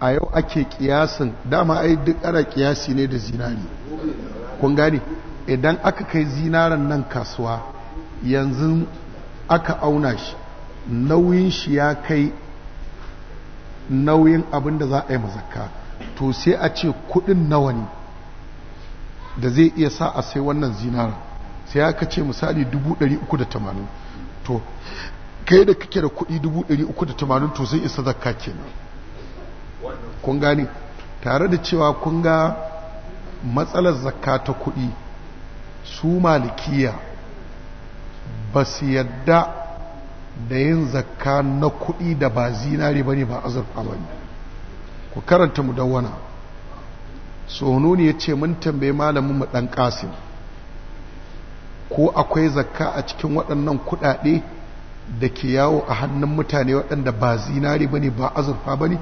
a yau ake kiyasin dama ai duk ana kiyasi ne da zinari kun gane idan aka kai zinaren nan kasuwa yanzu aka auna shi nauyin shi ya kai nauyin abin da za a yi mazakka to sai a ce kudin nawa ne da zai iya sa a sai wannan zinaren sai aka ce misali 380 to kai da kake da kudi 380 to sai isa zakka kenan kun ne tare da cewa kun ga matsalar zakka ta kuɗi su malikiya ba su yadda da yin zakka na kuɗi da ba zinari ba ne ba azurfa ba ne ku karanta mu dawwana sononi ya ce mun tambaye malamin mu ɗan ƙasim ko akwai zakka a cikin waɗannan kuɗaɗe da ke yawo a hannun mutane waɗanda ba zinari ba ne ba azurfa ba ne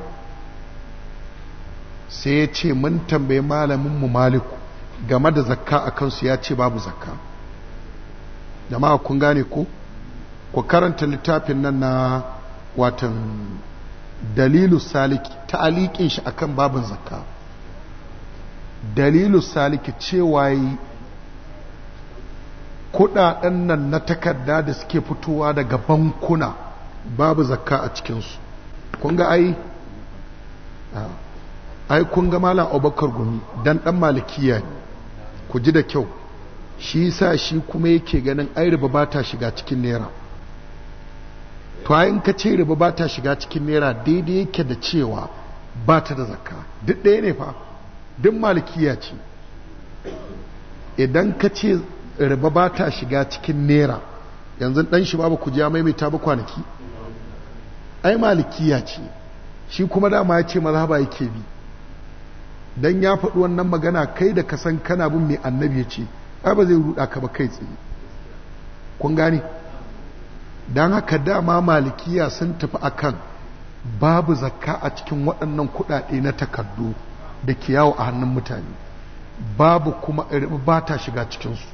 sai ya ce mun tambayi malaminmu maliku game da zakka a kansu ya ce babu zakka jama'a kun gane ko ku karanta littafin nan na watan dalilu saliki ta shi akan babin zakka dalilu saliki cewa yi kudaden nan na takarda da suke fitowa daga bankuna babu zakka a cikinsu kun ga ai ah. ai kun ga malam abubakar gumi dan dan malikiya ne ku ji da kyau shi sa shi kuma yake ganin ai riba ba ta shiga cikin naira to ai in ka ce riba ba ta shiga cikin naira daidai yake da cewa ba ta da zakka duk ɗaya ne fa duk malikiya ce idan ka ce riba ba ta shiga cikin naira yanzu ɗan shi babu ku ja maimaita ba kwanaki ai malikiya ce shi kuma dama ya ce mazhaba yake bi dan ya faɗi wannan magana kai da ka san kana bin mai annabi ya ce ai ba zai ruɗa ka ba kai tsaye kun gane don haka dama malikiya sun tafi akan babu zakka a cikin waɗannan kuɗaɗe na takardu da ke yawo a hannun mutane babu kuma er, ba ta shiga cikinsu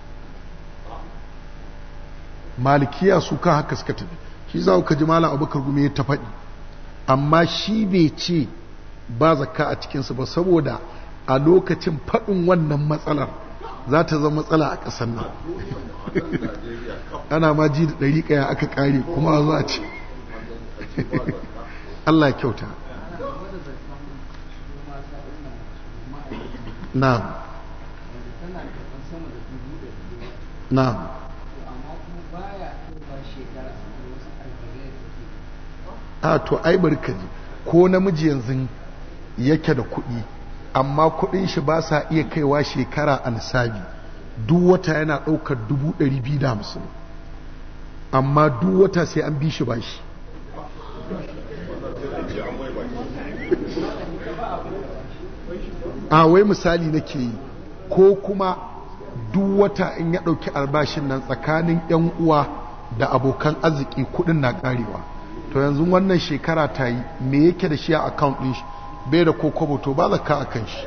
malikiya su kan haka suka tafi shi za ka ji malam abubakar gumi ya ta faɗi amma shi bai ce ba zakka a cikinsu ba saboda a lokacin faɗin wannan matsalar za ta zama matsala a ƙasar nan ana ma ji da ɗari ƙaya aka ƙare kuma za a ce Allah kyauta na'am na'am a to ai barkaji ko namiji yanzu yake da kuɗi amma kudin shi ba sa iya kaiwa shekara ansabi duk wata yana ɗaukar 250 amma duk wata sai an bi shi ba shi a wai misali nake yi ko kuma duk wata in ya ɗauki albashin nan tsakanin 'yan uwa da abokan arziki kudin na karewa to yanzu wannan shekara ta yi me yake da shi a account ɗin shi bai da kokobo to ba ka a kan shi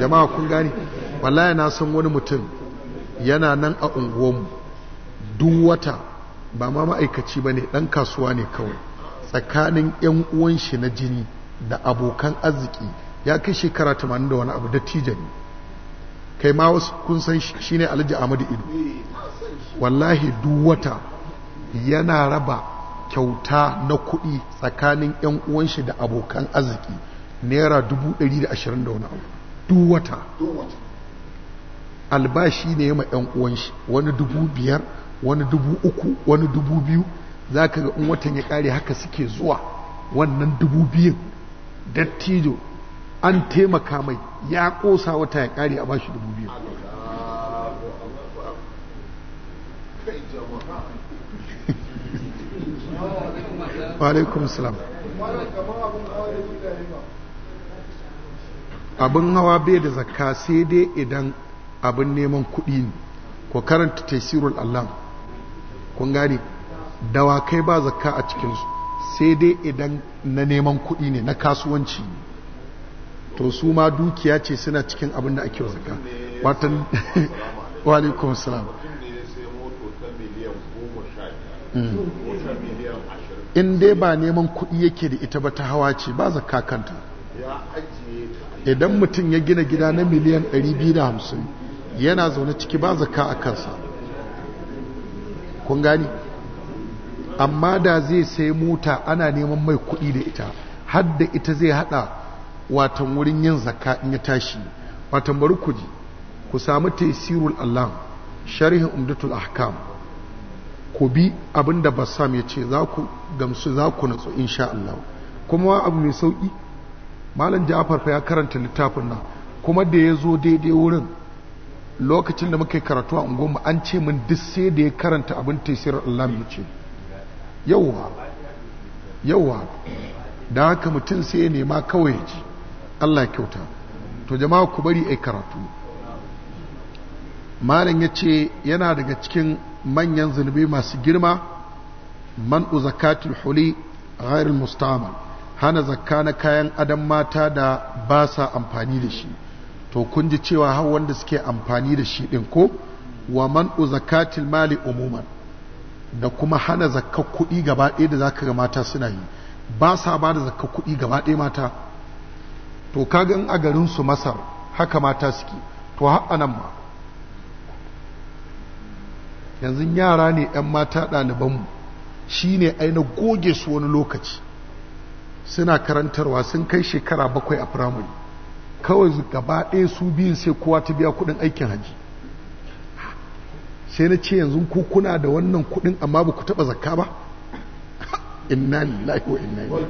jama'a kun gani wallahi na san wani mutum yana nan a unguwanmu duk wata ba ma ma'aikaci ba ne ɗan kasuwa ne kawai tsakanin 'yan uwan shi na jini da abokan arziki ya kai shekara 80 da wani abu da tijani kai ma wasu kun san shi ne alhaji ahmadu ido wallahi duk wata yana raba kyauta na kuɗi tsakanin 'yan uwan shi da abokan arziki naira ɗari da wani abu duk wata albashi ne ma 'yan uwan shi wani dubu biyar wani dubu uku wani dubu biyu za ka ga in watan ya ƙare haka suke zuwa wannan dubu biyun dattijo an taimaka mai ya ƙosa wata ya ƙare a bashi dubu biyu wa alaikum salam abin hawa bai da zakka sai dai idan abin neman kuɗi ne ko karanta tasirul allah kun gane dawakai ba zakka a cikinsu sai dai idan na neman kuɗi ne na kasuwanci to su ma dukiya ce suna cikin abin da ake zakka watan walaikun salam miliyan in dai ba neman kuɗi yake da ita ba ta hawa ce ba zakka kanta idan mutum ya gina gida na miliyan 250 yana zaune ciki ba zakka a kansa kun gani amma da zai sai mota ana neman mai kuɗi da ita har da ita zai hada watan wurin yin zakka in ya tashi watan bari ku ji ku samu tesirul allah sharhin umdatul ahkam ku bi abin da Bassam ya ce za ku gamsu za ku natsu insha Allah kuma abu mai sauki malam Ja'far fa ya karanta littafin nan kuma da ya zo daidai wurin lokacin da muka yi karatu a unguwarmu an ce min duk sai da ya karanta abin tasirin Allah ya ce yauwa yauwa da haka mutum sai ya nema kawai ya ji Allah kyauta to jama'a ku bari yi karatu malam ya ce yana daga cikin manyan zunubi masu girma man zakatul huli ghairul mustamal hana zakka na kayan adam mata da ba sa amfani da shi to kun ji cewa har wanda suke amfani da shi din ko wa man zakatul mali umuman da kuma hana zakka kuɗi gaba ɗaya da zaka ga mata suna yi ba sa ba da zakka kuɗi gaba ɗaya mata to kaga in a garin su masar haka mata suke to har anan ma yanzu yara ne 'yan mata ɗalibanmu shi ne aina goge su wani lokaci suna karantarwa sun kai shekara bakwai a firamare kawai gaba ɗaya su biyun sai kowa ta biya kuɗin aikin haji sai na ce yanzu ku kuna da wannan kuɗin amma ba ku taɓa zakka ba inna lillahi wa inna ilaihi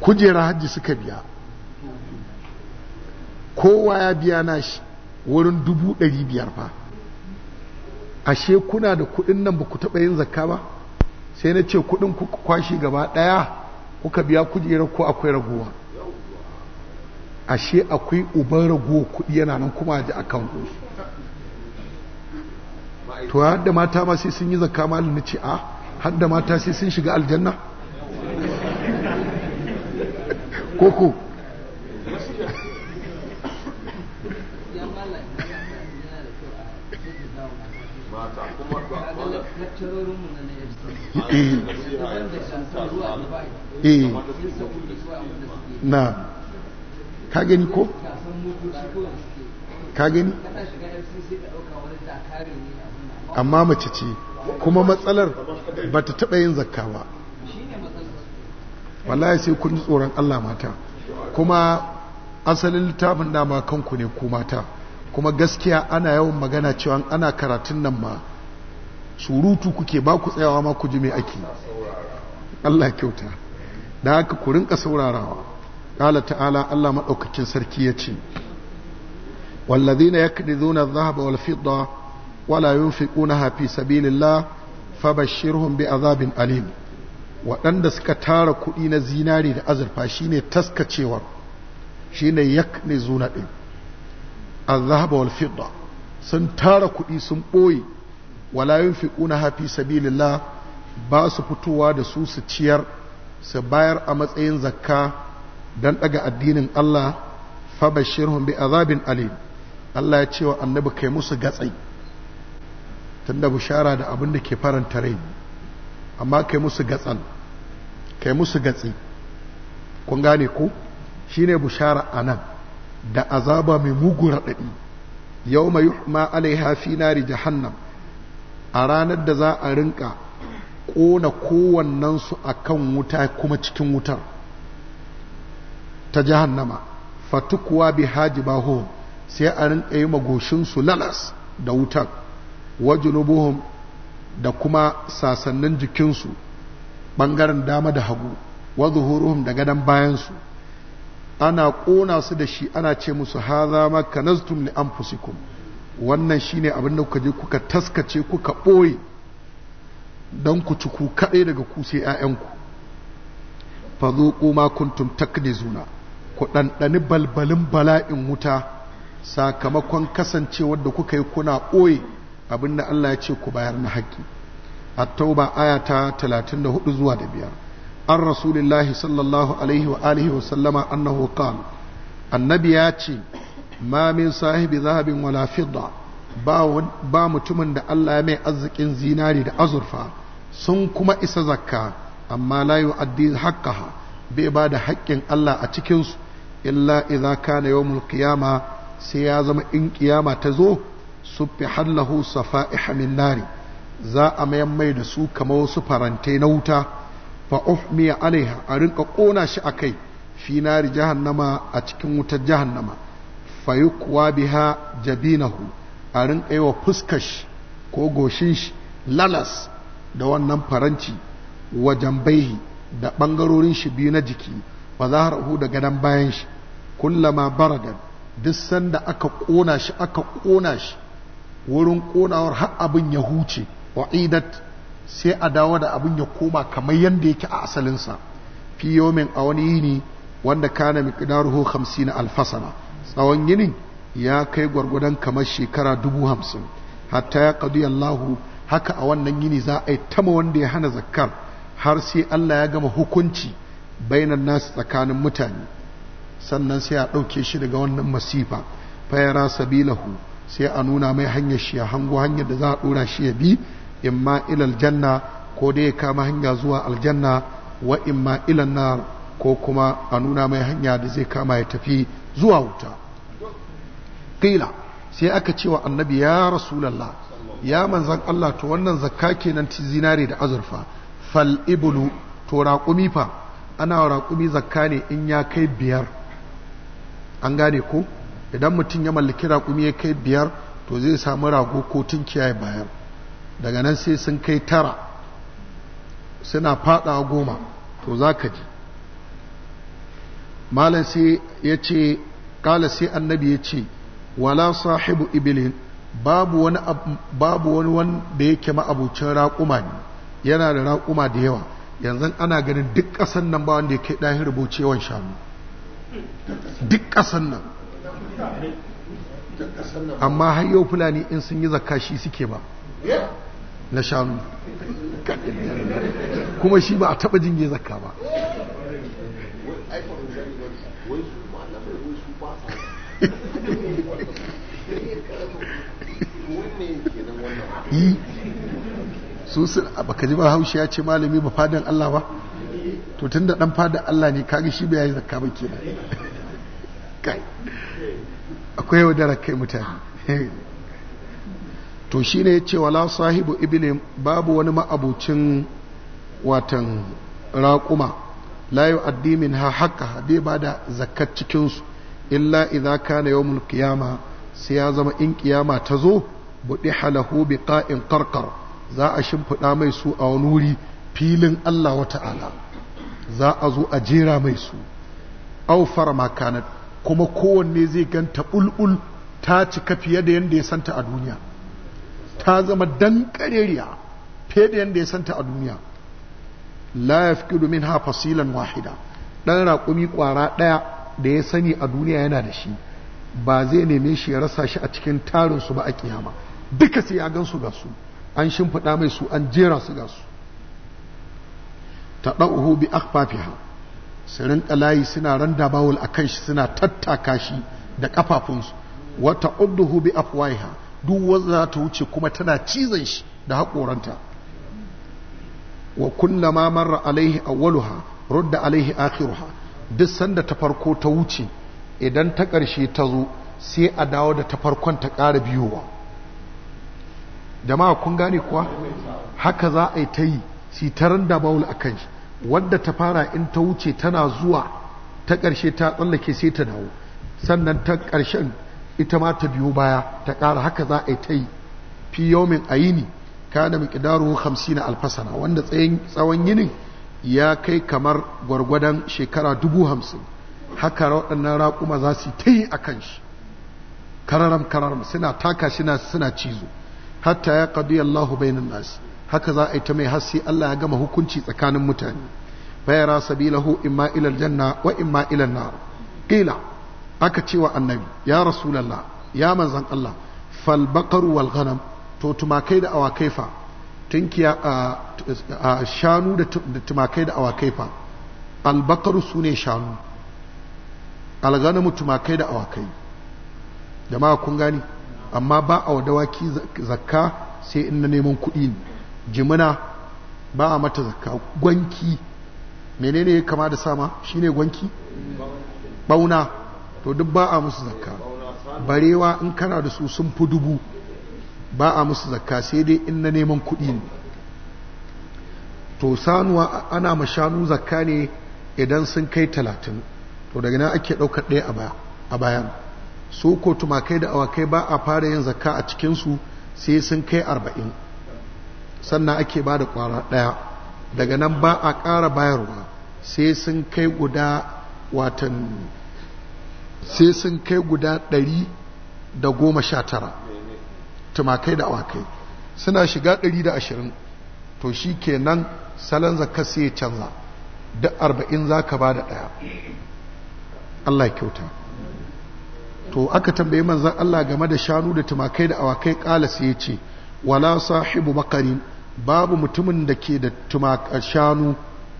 kujera hajji suka biya kowa ya biya nashi wurin dubu ɗari biyar fa ashe kuna da kuɗin nan ba ku taɓa yin zakka ba sai na ce kuɗin ku kwashi gaba ɗaya kuka biya kujera ko akwai raguwa ashe akwai uban raguwa kuɗi yana nan kuma ji akan to har da mata ma sai sun yi zakka ma na ce a ah, har da mata sai sun shiga aljanna koko Eh. Eh. Eh. ka gani ko ka gani amma mace ce kuma matsalar ba ta taɓa yin zakka ba wallahi sai kun ji tsoron Allah mata kuma asalin littafin dama kanku ne ku mata kuma gaskiya ana yawan magana cewa ana karatun nan ma surutu kuke ba ku tsayawa ma ku ji ake Allah kyauta da haka ku rinka saurarawa qala ta'ala Allah madaukakin sarki yace والذين يكنزون الذهب والفضة ولا ينفقونها في سبيل الله فبشرهم بعذاب أليم waɗanda suka tara kuɗi na zinari da azurfa shine taskacewar shine yakni zuna ɗin azhaba wal fidda sun tara kuɗi sun ɓoye wala na hafi sabilillah ba su fitowa da su su ciyar su bayar a matsayin zakka don ɗaga addinin Allah fa bashirhum bi azabin alim Allah ya ce wa annabi kai musu gatsai tunda bushara da abin da ke faranta rai amma kai musu gatsan kai musu gatsi kun gane ko shine bushara anan da azaba mai mugun raɗaɗi yau mai yuhma alaiha fi nari jahannam a ranar da za a rinka ƙona kowannensu a kan wuta kuma cikin wutar ta jahannama fatukuwa bi haji baho sai a rinka yi magoshinsu lalas da wutar wajunubuhum da kuma sasannin jikinsu ɓangaren dama da hagu wazuhuruhum da gadon bayansu ana ƙona su da shi ana ce musu haza makanaztum li anfusikum wannan shine abin da kuka je kuka taskace kuka ɓoye don ku ci ku kaɗai daga kusa 'ya'yanku fa zo ma kuntum zuna. ku ɗanɗani balbalin bala'in wuta sakamakon kasancewar da kuka yi kuna ɓoye abin da Allah ya ce ku bayar na haƙƙi Ata'uba tauba aya ta 34 zuwa da biyar an rasulillahi sallallahu alaihi wa alihi wa sallama annahu qala annabi ya ce ma min sahibi zahabin wala ba mutumin da Allah ya mai arzikin zinari da azurfa sun kuma isa zakka amma la yu'addi haqqaha bai ba da haƙƙin Allah a cikinsu illa idza kana yawmul qiyama sai ya zama in ƙiyama ta zo suffi hallahu safa'iha min nari za a mayan mai da su kamar wasu farantai na wuta fa uhmiya alaiha a rinka ƙona shi akai fi nari jahannama a cikin wutar jahannama fayukwa biha jabinahu a rinƙaiwa fuskar wa fuskash ko goshin shi lalas da wannan faranci wajen baihi da ɓangarorin shi biyu na jiki wa zaharahu da gadon bayan shi kullama baragan duk sanda aka ƙona shi aka ƙona shi wurin ƙonawar har abin ya huce wa idat sai a dawo da abin ya koma kamar yadda yake a asalinsa fi yomin a wani yini wanda kana miqdaruhu 50 alfasana tsawon yinin ya kai gwargwadon kamar shekara dubu hamsin hatta ya kadu Allahu haka a wannan yini za a yi tama wanda ya hana zakkar har sai Allah ya gama hukunci bainan nasu tsakanin mutane sannan sai a ɗauke shi daga wannan masifa fayara sabilahu sai a nuna mai hanyar shi a hango hanyar da za a ɗora shi ya bi in ma ilal janna ko dai ya kama hanya zuwa aljanna wa ma ilan na, ko kuma a nuna mai hanya da zai kama ya tafi zuwa wuta Ƙila sai aka cewa annabi ya rasu lalla, ya manzan Allah to wannan zakka kenan ti zinare da azurfa fal ibulu. to raƙumi fa ana raƙumi zakka ne in ya kai biyar an gane ko idan mutum ya mallaki raƙumi ya kai biyar to zai samu rago ko tun kiyaye bayar daga nan sai sun kai tara suna faɗa goma to za ka ji malam sai ya ce kala sai annabi ya ce wala sahibu ibilin babu wani babu wani wanda yake ma'abucin raƙuma ne yana da raƙuma da yawa yanzu ana ganin duk ƙasan nan ba wanda ya kai ɗahin rubucewan shanu duk ƙasan nan amma har yau fulani in sun yi zakka shi suke ba na shanu kuma shi ba a taɓa jinge zakka ba su ba sun ji ba haushi ya ce malami ba fadan Allah ba to tun da dan fadin Allah ne kaga shi bai yi zakka ba ke kai akwai wadara kai mutane to shi ne ya ce wala sahibu ibili babu wani ma'abucin watan raƙuma la addinin ha haka bai bada zakat cikin su illa idza kana yawmul qiyama sai ya zama in kiyama ta zo budi halahu biqa'in qarqar za a shimfida mai su a wani wuri filin Allah wa ta'ala za a zo a jera mai su aw farma kanat kuma kowanne zai ganta bulbul ta cika fiye da yanda ya santa a duniya ta zama dan kareriya fiye da yanda ya santa a duniya la yafqidu minha fasilan wahida ɗan raƙumi ƙwara ɗaya da ya sani a duniya yana da shi ba zai neme shi ya rasa shi a cikin tarinsu ba a kiyama duka sai ya gan su ga su an shimfiɗa mai su an jera su ga su ta bi akfafiha su rinka layi suna randa bawul a kan shi suna tattaka shi da ƙafafunsu wata udduhu bi afwaiha duk wanda za ta wuce kuma tana cizon shi da haƙoranta wa kullama marra alaihi awwaluha rudda alaihi akhiruha duk sanda ta farko ta wuce idan ta ƙarshe ta zo sai a dawo da ta farkon ta ƙara biyowa jama'a kun gane kuwa haka za a yi ta yi da bawul a kan shi wadda ta fara in ta wuce tana zuwa ta ƙarshe ta tsallake sai ta dawo sannan ta ƙarshen ita ma ta biyo baya ta ƙara haka za a yi ta yi fi yomin ayini kana miqdaru 50 alfasana wanda tsayin tsawon yinin ya kai kamar gwargwadon shekara dubu hamsin haka waɗannan raƙuma za su ta yi a kan shi kararam kararam suna taka shi suna cizo hatta ya qadi Allahu bainan nasi haka za a yi ta mai hasi Allah ya gama hukunci tsakanin mutane fa yara sabilahu imma ila janna wa imma ila nar qila aka cewa annabi ya rasulullah ya manzon Allah fal baqar wal ghanam to tumakai da awakai fa tunkiya a shanu da tumakai da awakai fa albakaru su ne shanu alganamu tumakai da awakai jama'a kun gani amma ba a wa dawaki zakka sai in na neman kuɗi jimina ba a mata zakka gwanki menene ya kama da sama shine gwanki bauna to duk ba a musu zakka barewa in kana da su sun fi dubu ba a musu zakka sai dai in na neman kuɗi ne to sanuwa ana ma shanu zakka ne idan sun kai talatin to daga nan ake ɗaukar ɗaya a bayan so ko tumakai da awakai ba a fara yin zakka a cikinsu sai sun kai arba'in sannan ake ba da ƙwara ɗaya daga nan ba a ƙara bayarwa sai sun kai guda watan sai sun kai guda ɗari da goma sha tara tumakai da awakai suna shiga 120 to shi ke nan salon zakar sai ya canza duk 40 za ka ba da ɗaya Allah ya kyauta to aka tambaye manzan Allah game da shanu da tumakai da awakai ƙala sai ya ce wala sahibu bakarin babu mutumin da ke da shanu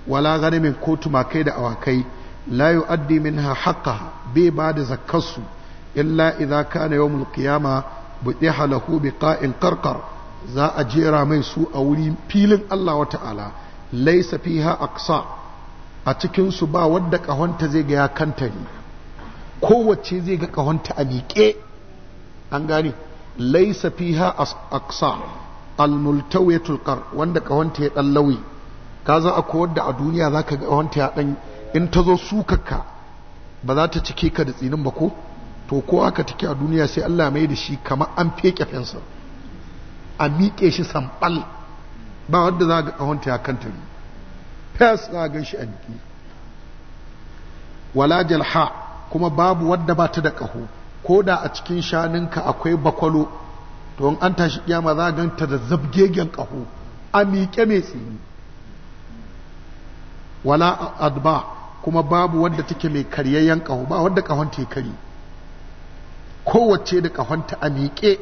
wala ganimin ko tumakai da awakai la yu'addi minha haqqaha bai ba da zakkarsu illa idza kana yawmul qiyamah buɗe halahu bi ƙa'in karkar za a jera mai su a wuri filin Allah wa ta'ala laisa fiha aqsa a cikinsu ba wadda ƙahonta zai ga ya ne. kowace zai ga ƙahonta a miƙe an gane laisa fiha aqsa almultawiyatul qar wanda ƙahonta ya ɗan lauyi ka za a kowar a duniya za ka ga ƙahonta ya ɗan in ta zo sukakka ba za ta cike ka da tsinin ba ko to ko aka take a duniya sai Allah mai da shi kamar an feke fensa a miƙe shi sambal ba wanda za ga kawanta ya ne fes za ga shi a jiki. wala jalha kuma babu wadda ba ta da ƙaho ko da a cikin shaninka akwai bakwalo to in an tashi kiyama za ganta da zabgegen ƙaho a miƙe mai tsini wala adba kuma babu wadda take mai karyayyen ƙaho ba wadda ƙahon ta kari kowace da kafanta a miƙe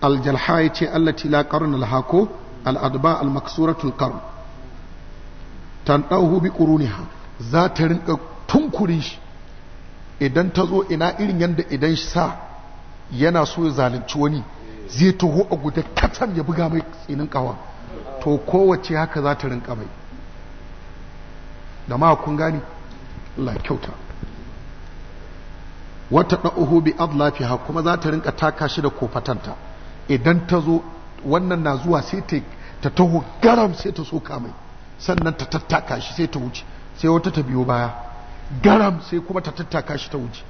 aljalha ya ce allati la karun alhako al'adba almaksuratul qarn tan dauhu bi quruniha za ta rinka tunkurin shi idan ta zo ina irin yadda idan shi sa yana so ya zalunci wani zai taho a guda katam ya buga mai tsinin kawa to kowace haka za ta rinka mai da ma kun gani la kyauta wata ɗa'uhu bi adlafiha kuma za ta rinka taka shi da kofatanta idan ta zo wannan na zuwa sai ta taho garam sai ta soka mai sannan ta tattaka shi sai ta wuce sai wata ta biyo baya garam sai kuma ta tattaka shi ta wuce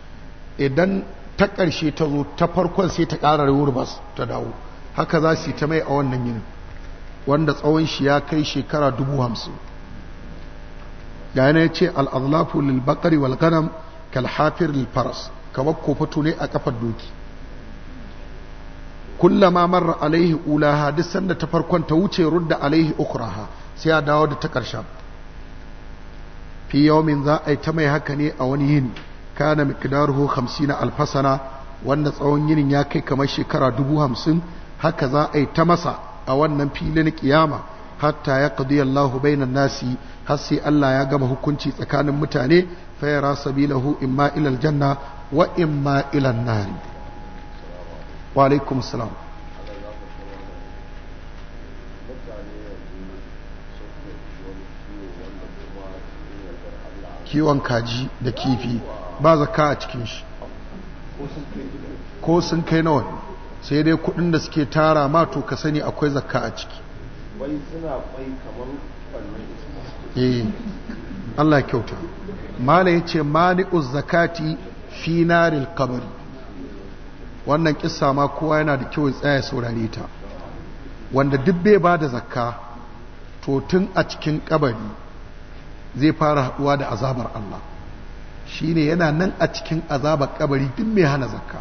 idan ta ƙarshe ta zo ta farkon sai ta ƙara rewurbas ta dawo haka za su yi ta mai a wannan yinin wanda tsawon shi ya kai shekara dubu hamsin yana ya ce al'adlafu lil bakari wal ganam kalhafir lil faras kamar kofato ne a kafar doki kullama marra alaihi ulaha duk sanda ta farkon ta wuce rudda alaihi ukraha sai ya dawo da ta karshen fi yawmin za a yi ta mai haka ne a wani yin kana miqdaruhu 50 alfasana wanda tsawon yinin ya kai kamar shekara dubu hamsin haka za a yi ta masa a wannan filin kiyama hatta ya qadi Allahu bainan nasi har sai Allah ya gama hukunci tsakanin mutane fa yara sabilahu imma ila aljanna wa imma ilan nari wa alaikum salam kiwon kaji da kifi ba zaka a cikin shi ko sun kai nawa sai dai kudin da suke tara ma to ka sani akwai zakka a ciki wai suna kwai kamar eh Allah kyauta mala yace mani'uz zakati fi narin kabari wannan kissa ma kowa yana da kyau tsaya saurare ta wanda dubbe bai ba da zakka to tun a cikin kabari zai fara haɗuwa da azabar Allah Shi ne yana nan a cikin azabar kabari duk mai hana zakka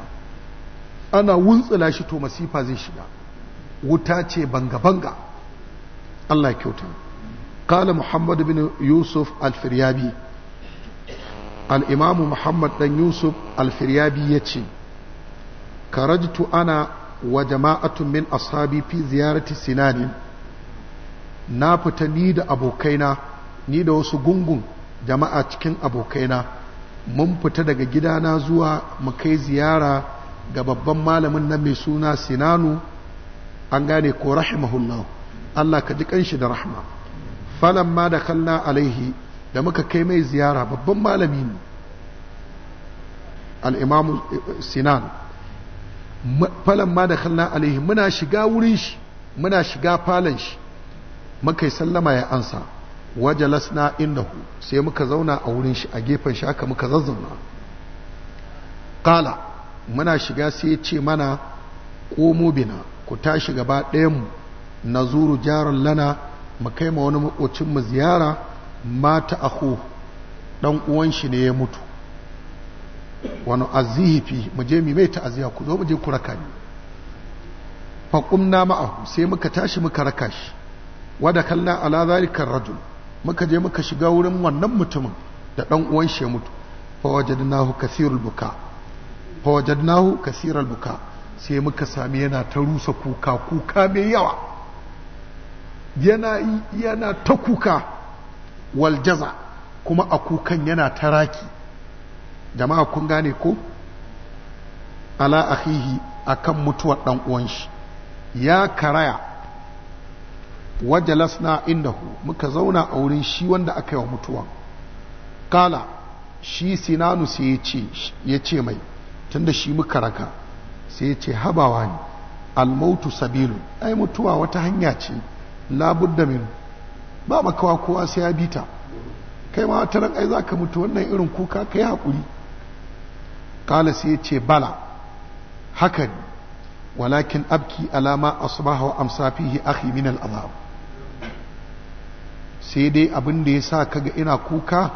ana wuntsula shi to masifa zai shiga wuta ce banga-banga Allah kyauta قال محمد بن يوسف الفريابي al'imamu muhammad dan yusuf alfiryabi ya ce karajtu ana wa jama'atun min ashabi fi ziyarati sinanin na fita ni da abokaina ni da wasu gungun jama'a cikin abokaina mun fita daga gidana zuwa mu kai ziyara ga babban malamin nan mai suna sinanu an gane ko rahimahullahu Allah ka ji kanshi da rahma falamma da kalla alaihi da muka kai mai ziyara babban malami ne al'imamu sinan falon ma da kallon alaihi muna shiga wurin shi muna shiga falon shi muka yi sallama ya ansa lasna na hu, sai muka zauna a wurin shi a gefen shi haka muka zazzauna kala muna shiga sai ya ce mana komo bina ku tashi gaba ɗayanmu na zuru jaron lana mu kai ma wani makocinmu ziyara mata ahu dan uwan shi ne ya mutu wani azihifi mu je mu mai aziya ku zo mu je ku raka ni fa qumna ma'ahu sai muka tashi muka raka shi wada kallan ala zalika rajul muka je muka shiga wurin wannan mutumin da ɗan uwan shi ya mutu fa wajadnahu kathirul buka fa wajadnahu kathirul buka sai muka sami yana ta rusa kuka kuka mai yawa yana yana ta kuka Waljaza, kuma a kukan yana taraki jama'a kun gane ko ala akhihi akan mutuwar dan uwan shi ya karaya wajalasna indahu muka zauna a wurin shi wanda aka yi wa mutuwan kala shi sinanu sai ya ce mai tunda shi muka raka sai ya ce habawa ne almautu sabilu ai mutuwa wata hanya ce labudda min ba makawa kowa sai ya bita kai ma wata ai za ka mutu wannan irin kuka ka yi haƙuri ƙala sai ya ce bala haka walakin abki alama a wa amsa fihi akhi a al'azab sai dai abin da ya sa ka ga ina kuka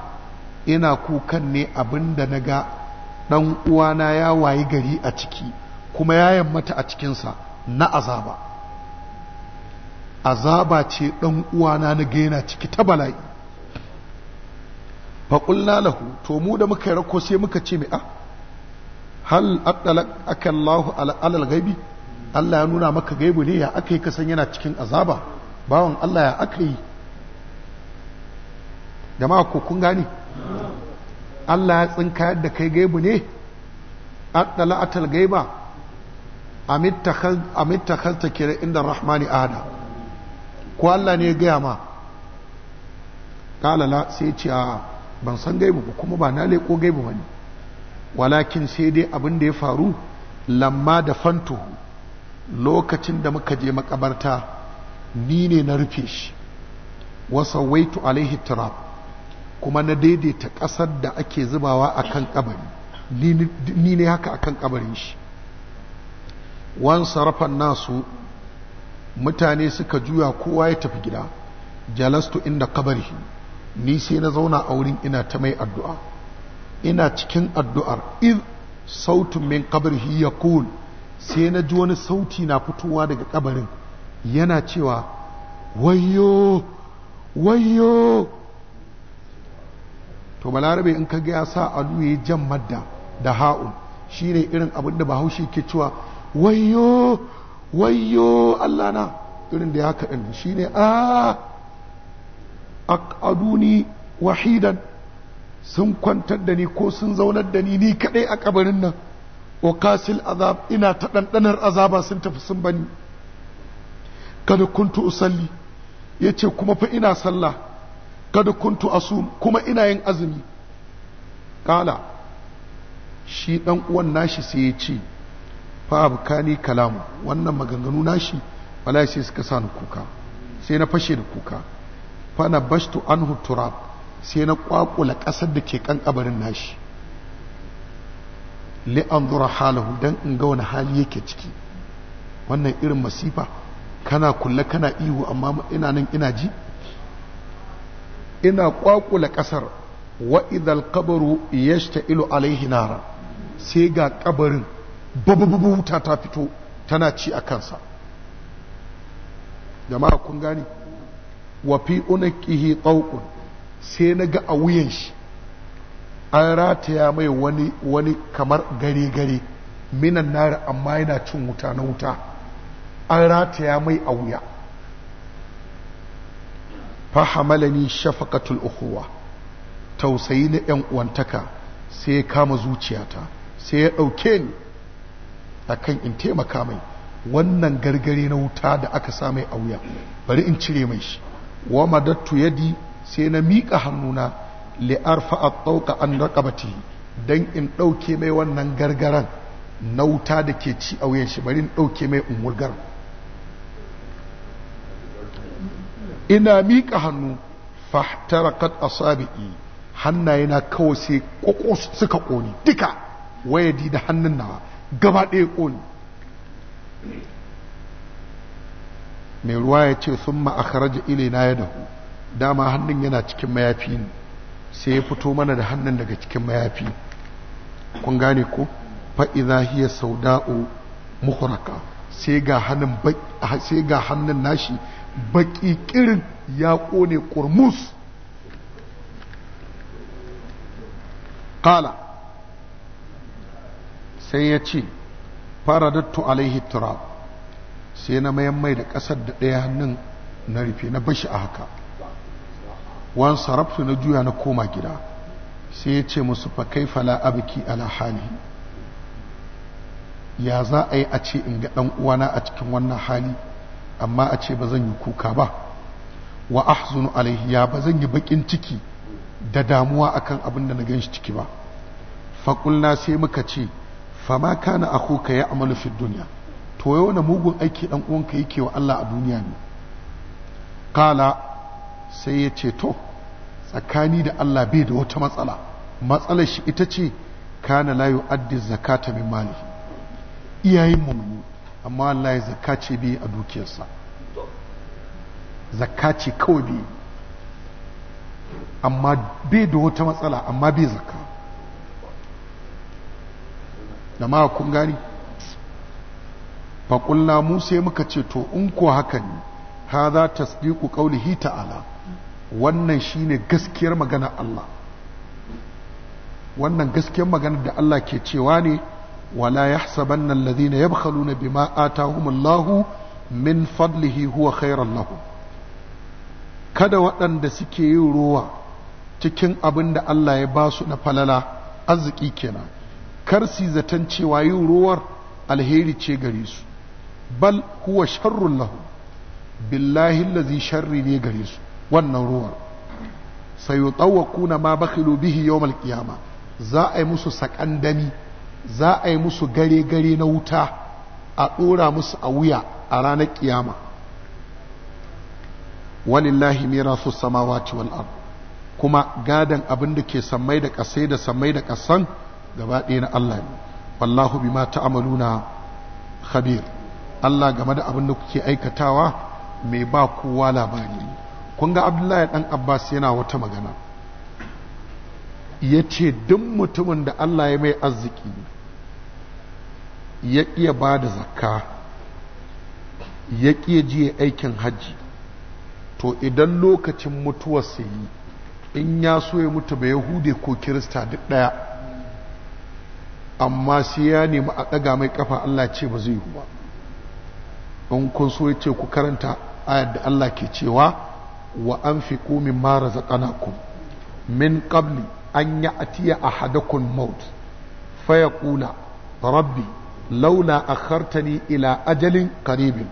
ina kukan ne abin da na ga ɗan uwana ya wayi gari a ciki kuma ya yammata a cikinsa na azaba azaba ce ɗan uwana na gaina ciki ta bala'i faƙulla lahu to mu da muka rako sai muka ce mai a ah, hal aka Allahu alal gaibi Allah ya nuna maka gaibu ne ya aka yi kasan yana cikin azaba bawan Allah ya aka yi jama'a ko kun gane Allah ya tsinka yadda kai gaibu ne atal gaiba amitta khalta kira inda rahmani ahada ko Allah ne ya gaya ma la sai ce a ban san gaibu ba kuma ba na leko gaibu ba ne walakin sai dai abin da ya faru lamma da fantuhu lokacin da muka je makabarta ni ne na rufe shi wasa waitu alaihi turab kuma na daidaita ƙasar da ake zubawa a kan ƙabari ni ne haka a kan ƙabarin shi wan sarrafan nasu mutane suka juya kowa ya tafi gida jalastu inda kabari ni sai na zauna a wurin ina ta mai addu'a ina cikin addu'ar iz sautun min kabari ya sai na ji wani sauti na fitowa daga kabarin yana cewa wayo wayo to balarabe in ka gaya sa alu ya jan madda da ha'un shine irin abinda bahaushe ke cewa wayo wayo Allah na irin da ya ne shi ne a aduni wahidan sun kwantar da ni ko sun zaunar da ni ni kaɗai a ƙabarin nan kasil azab ina ta ɗanɗanar azaba sun tafi sun bani kada kuntu usalli ya ce kuma fa ina sallah kada kuntu asum kuma ina yin azumi ƙala shi ɗan uwan nashi sai ya ce fa kalamu wannan maganganu nashi wallahi sai suka sa ni kuka sai na fashe da kuka fa na bashtu anhu turab sai na kwakula kasar da ke kan kabarin nashi li anzura halahu dan in ga wani hali yake ciki wannan irin masifa kana kulle kana ihu amma ina nan ina ji ina kwakula kasar wa idal qabru yashta'ilu alaihi nara sai ga kabarin babu wuta ta fito tana ci a kansa jama'a kun gani wa fi ƙihi tawqun sai naga a wuyan shi an rataya mai wani wani kamar gare gare minan nari amma yana cin wuta na wuta an rataya mai a wuya fahamalani shafaqatul ukhuwa tausayi na yan uwantaka sai ya kama zuciyata sai ya ɗauke ni kan in taimaka mai wannan gargare na wuta da aka sa mai a wuya bari in cire mai shi wa madattu yadi sai na miƙa hannuna li'arfa fa'ad ɗauka an raƙabati don in ɗauke mai wannan gargaran na wuta da ke ci a wuyan shi bari in ɗauke mai in wurgar ina miƙa hannu fahtarakat asabi'i hannaye na kawai sai ƙoƙo suka ƙoni duka wayadi da hannun nawa gaba ɗaya ƙone mai ruwa ya ce sun ma'akaraja ilina ya dahu dama hannun yana cikin mayafi ne sai ya fito mana da hannun daga cikin mayafi kun gane ko fa'iza hiya sau da'o mukuraka sai ga hannun nashi baƙi ƙirin ya ƙone ƙurmus ƙala sai ya ce fara dattu alaihi turab sai na mayan mai da ƙasar da ɗaya hannun na rufe na bashi a haka wan sarabtu na juya na koma gida sai ya ce musu fa kai fala abiki ala hali ya za a yi a ce in ga ɗan uwana a cikin wannan hali amma a ce ba zan yi kuka ba wa ahzunu alaihi ya ba zan yi bakin ciki da damuwa akan abin da na ganshi ciki ba faƙulna sai muka ce fama kana akuka ya amalu fi duniya to yau na mugun aiki dan uwanka yake wa Allah a duniya ne kala sai ya ce to tsakani da Allah bai da wata matsala matsalar shi ita ce kana la yu'addi zakata min mali iyayen mu amma Allah ya zakka ce bi a dukiyarsa zakka ce kawai bi amma bai da wata matsala amma bai zakka da ma kun gani faƙulla mu sai muka ce to in ko haka ne ha za ta sadiku ƙaunihi ta'ala wannan shine gaskiyar magana Allah wannan gaskiyar magana da Allah ke cewa ne wala yahsabanna alladhina yabkhaluna bima atahumullahu min fadlihi huwa khairan lahum kada waɗanda suke yin ruwa cikin abin da Allah ya basu na falala arziki kenan kar su zaton cewa yin ruwar alheri ce gare su bal huwa sharrun lahu billahi allazi sharri ne gare su wannan ruwar sayutawquna ma bakhilu bihi yawmal qiyama za a yi musu sakandami za a yi musu gare gare na wuta a ɗora musu a wuya a ranar kiyama walillahi mirasu samawati wal ard kuma gadon abin da ke sammai da kasai da sammai da kasan gaba ɗaya na Allah ne wallahu bima ta'amaluna khabir Allah game da abin da kuke aikatawa mai ba kowa labari kun ga Abdullahi dan Abbas yana wata magana ya ce duk mutumin da Allah ya mai arziki ya iya ba da zakka ya ƙiya jiya aikin hajji to idan lokacin mutuwar sai yi in ya so ya mutu ba yahude ko kirista duk ɗaya amma sai ya nemi a ɗaga mai ƙafa Allah ce ba zai yi ba in kun so ce ku karanta ayar da Allah ke cewa wa an fi komi mara ku min ƙabli an yi atiya a hadakun maut faya ƙula rabbi laula a hartani ila ajalin karibin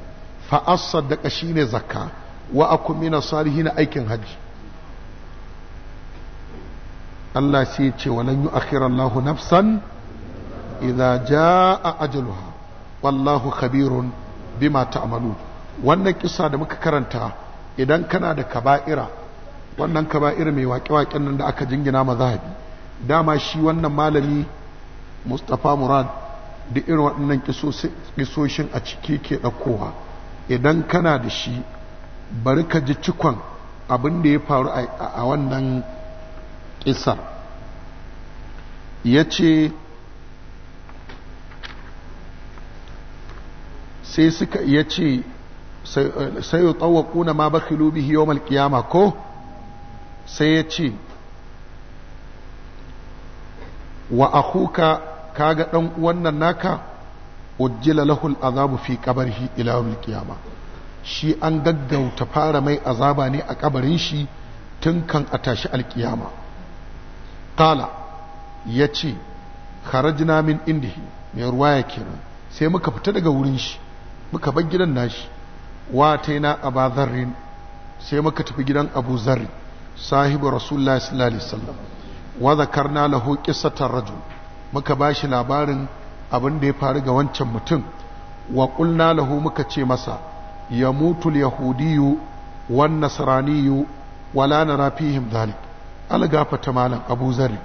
fa'assar da ƙashi ne zakka wa a kumina salihi na aikin hajji Allah sai ce walan yi akhirar nafsan idza jaa ajaluha wallahu khabirun bima ta'malun wannan kisa da muka karanta idan kana da kaba'ira wannan kaba'ira mai waƙe-waƙen nan da aka jingina mazhabi dama shi wannan malami Mustapha Murad da irin waɗannan kisoshin a ciki ke ɗaukowa idan kana da shi bari ka ji cikon abin da ya faru a wannan ƙisar ya ce sai suka iya ce sai yi na ma bakilu bihi yau malkiyama ko sai ya ce wa ka kaga ɗan wannan naka ujjila lahul azabu fi qabrihi ila yawmil shi an gaggauta fara mai azaba ne a ƙabarin shi tun kan a tashi alkiyama qala yace kharajna min indihi mai ya kenan sai muka fita daga wurin shi muka bar gidan nashi wataina aba zarrin sai muka tafi gidan abu zarri sahibu rasulullahi sallallahu alaihi wasallam wa zakarna lahu qissatar rajul muka bashi labarin abin da ya faru ga wancan mutum wa qulna lahu muka ce masa ya mutu yahudiyu wan nasraniyu wala nara fihim dhalik algafata malam abu zarri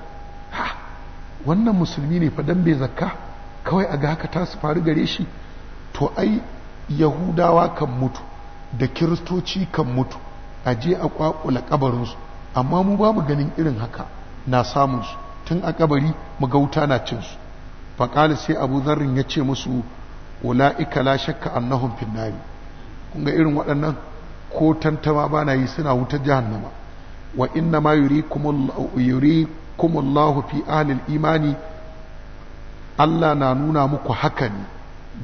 wannan musulmi ne fa dan bai zakka kawai a ga haka ta su faru gare shi to ai yahudawa kan mutu da kiristoci kan mutu a je a kwakula kabarinsu amma mu ba mu ganin irin haka na samun su tun a kabari mu ga wuta na cinsu faƙali sai abu zarrin ya ce musu wula'ika la shakka annahun finnari kun ga irin waɗannan ko tantama ba na yi suna wutar jahannama wa inna ma yurikumullahu fi ahalil imani Allah na nuna muku haka ne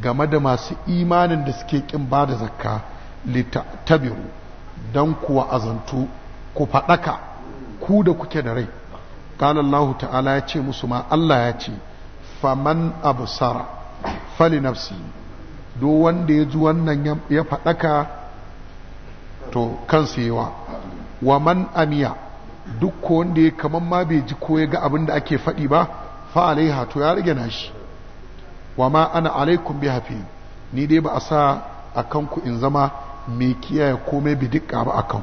game da masu imanin da suke ƙin ba da zakka littattabiru don kuwa azantu ku faɗaka ku da kuke da rai قال الله تعالى يتي مسما الله يتي فمن أبصر فلنفسه do wanda ya ji wannan ya faɗaka to kansa yawa wa man amiya duk ko wanda ya kaman ma bai ji ko ya ga abin da ake faɗi ba fa alaiha to ya rage nashi wa ma ana alaikum bi hafi ni dai ba a sa a kanku in zama mai kiyaye komai bi ba a kan,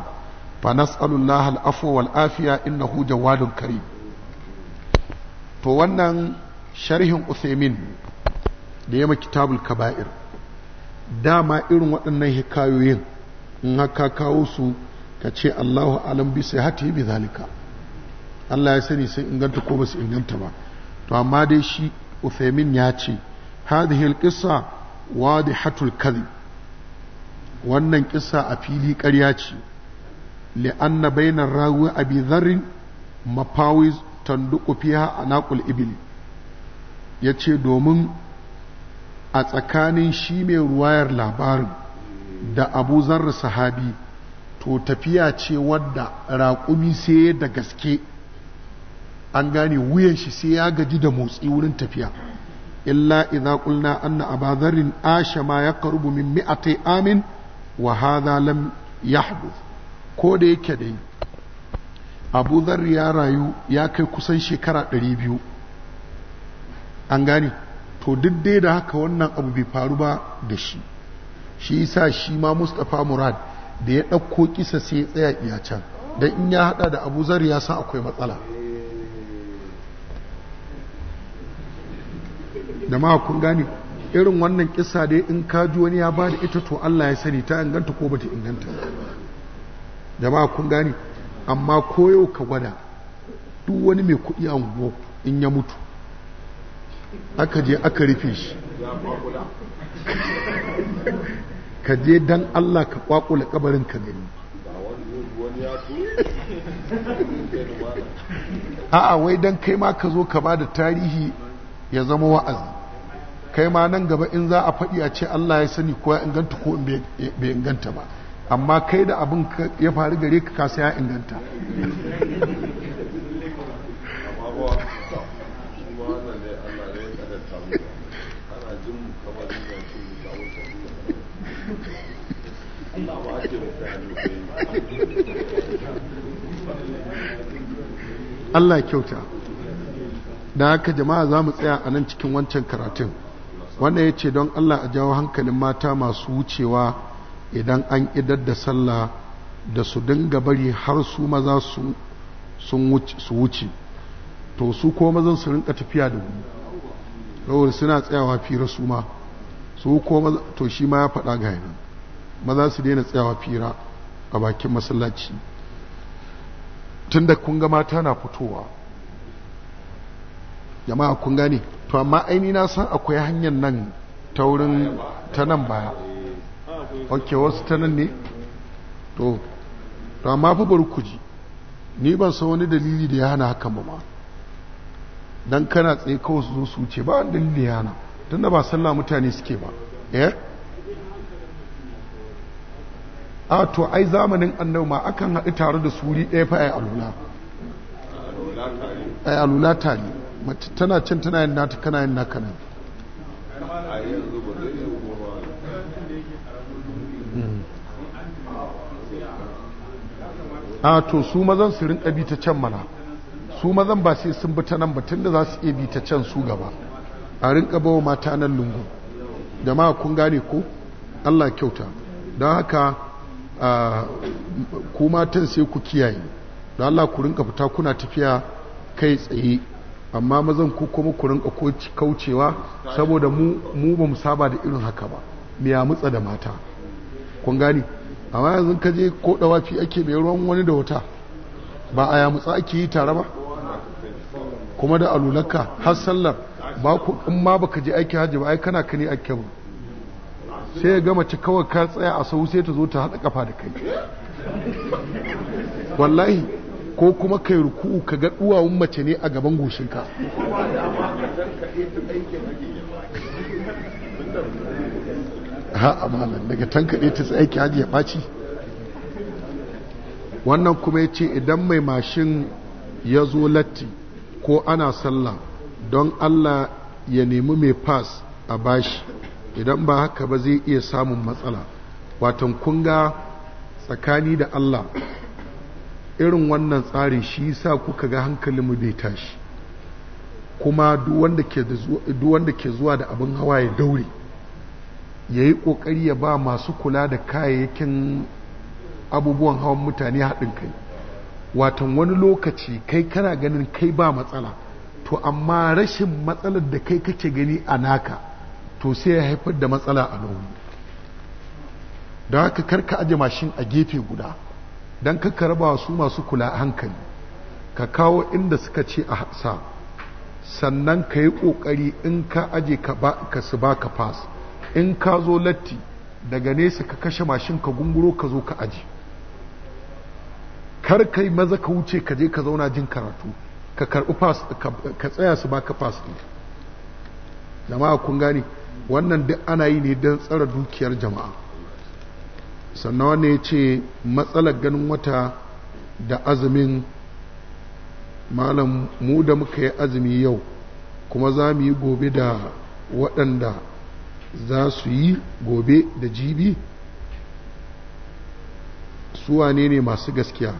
fa nas'alullaha al'afwa wal afiya innahu jawadun karim to wannan sharhin Usaimin da yama kitabul kaba'ir dama irin waɗannan hikayoyin in haka kawo su ka ce Allahu alam bi sai hati bi zalika Allah ya sani sai inganta ko ba su inganta ba to amma dai shi Uthaymin ya ce هذه القصة واضحة الكذب wannan kisa a fili ƙarya ce li'anna bainar rawi abi dharrin mafawi tanduku fiha anaqul ibil yace domin a tsakanin shi mai ruwayar labarin da Abu zarra sahabi to tafiya ce wadda raƙumi sai da gaske an gane wuyan shi sai ya gaji da motsi wurin tafiya illa idza qulna anna aba dharrin asha ma yaqrubu min mi'ati amin wa hadha lam ko da yake dai abu dharr ya rayu ya kai kusan shekara 200 an gane to duk dai da haka wannan abu bai faru ba da shi shi yasa shi ma Mustapha Murad da ya ɗauko kisa sai ya tsaya iya can dan in ya haɗa da Abu Zar ya sa akwai matsala da ma kun gane irin wannan kisa dai in ka ji wani ya ba da ita to Allah ya sani ta inganta ko bata inganta da ma kun gane amma koyau ka gwada duk wani mai kuɗi a unguwa in ya mutu aka je aka rufe shi ka je dan Allah ka kwakula kabarin ka gani a'a wai dan kai ma ka zo ka ba da tarihi ya zama wa'azi kai ma nan gaba in za a faɗi a ce Allah ya sani ko ya inganta ko bai inganta ba amma kai da abin ya faru gare ka kasa ya inganta Allah kyauta da haka jama'a za mu tsaya a nan cikin wancan karatun wannan ya ce don Allah a jawo hankalin mata masu wucewa idan an idar da sallah da su dinga bari har su maza su wuce to su ko mazan su rinka tafiya da wuri rawar suna tsayawa fira su ma su ko maza to shi ma ya faɗa ga yanar maza su daina tsayawa fira a bakin masallaci tun da kun ga mata na fitowa jama'a kun gane to amma aini na san akwai hanyar nan ta wurin ta nan baya ok wasu ta nan ne to to amma fa bari ku ji ni ban san wani dalili da ya hana hakan ba ma dan kana tsaye kawai su zo su wuce ba wani dalili ya hana tunda ba sallah mutane suke ba eh a to ai zamanin annabi ma akan haɗu tare da suri ɗaya fa ai alula ai alula tare mace tana cin tana yin nata kana yin naka nan a to su mazan su rinka bi ta can mana su mazan ba sai sun bi ta nan ba tunda za su iya bi ta can su gaba a rinka bawa mata nan lungu jama'a kun gane ko Allah kyauta don haka ku matan sai ku kiyaye don Allah ku rinka fita kuna tafiya kai tsaye amma mazan ku kuma ku rinka kaucewa saboda mu mu ba mu saba da irin haka ba miya mutsa da mata kun gani amma yanzu ka je ko dawafi ake mai ruwan wani da wata ba a mutsa ake yi tare ba kuma da alulaka har sallar ba ku in ma baka je aiki hajji ba ai kana kani ake ba sai ya gama ci kawai ka tsaya a sau sai ta zo ta haɗa kafa da kai wallahi ko kuma kai ruku'u ka ga duwawun mace ne a gaban goshinka ha amana daga tankaɗe ta aiki haji ya faci wannan kuma ya ce idan mai mashin ya zo latti ko ana sallah don allah ya nemi mai fas a bashi idan ba haka ba zai iya samun matsala watan kunga tsakani da allah irin wannan tsarin shi sa kuka ga hankalinmu bai tashi kuma duwanda ke zuwa da abin hawa ya daure ya yi ƙoƙari ya ba masu kula da kayayyakin abubuwan hawan mutane haɗin kai watan wani lokaci kai kana ganin kai ba matsala to amma rashin matsalar da kai kake gani a naka to sai ya haifar da matsala a nauyi da haka karka ajiye mashin a gefe guda don kakka raba su masu kula hankali ka kawo inda suka ce a sa sannan ka yi ƙoƙari in ka aje ka su ba ka fas in ka zo latti daga nesa ka kashe mashin ka gunguro ka zo ka aje. kar kai maza ka wuce ka je ka zauna jin karatu ka karbi fas ka tsaya su baka fas ɗin jama'a kun gane wannan duk ana yi ne don tsara dukiyar jama'a sannan wani ya ce matsalar ganin wata da azumin malam mu da muka yi azumi yau kuma za mu yi gobe da waɗanda za su yi gobe da jibi su wane ne masu gaskiya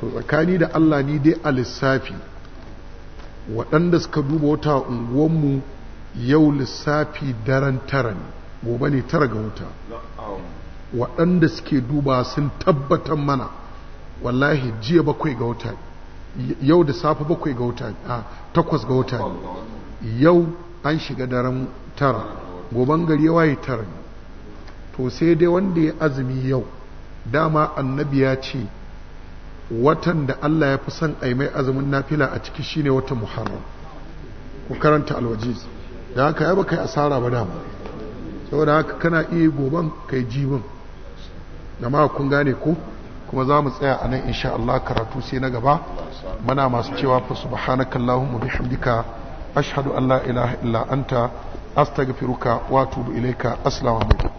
to tsakani da allah ni dai a lissafi waɗanda suka duba wata unguwanmu yau lissafi daren tara ne gobe ne tara ga wuta um, waɗanda suke duba sun tabbatar mana wallahi jiya bakwai ga wuta yau da safe bakwai ga wuta a takwas ga wuta yau an shiga daren tara goban gari ya waye tara to sai dai wanda ya azumi yau dama annabi ya ce watan da Allah ya fi son a mai azumin nafila a ciki shine watan muharram ku karanta alwajiz da haka ya baka yi asara ba dama saboda haka kana iya goban kai jibin jama'a kun gane ko kuma za mu tsaya a nan insha Allah karatu sai na gaba mana masu cewa fa subhanaka allahumma bihamdika ashhadu an la ilaha illa anta astaghfiruka wa atubu ilaika assalamu alaikum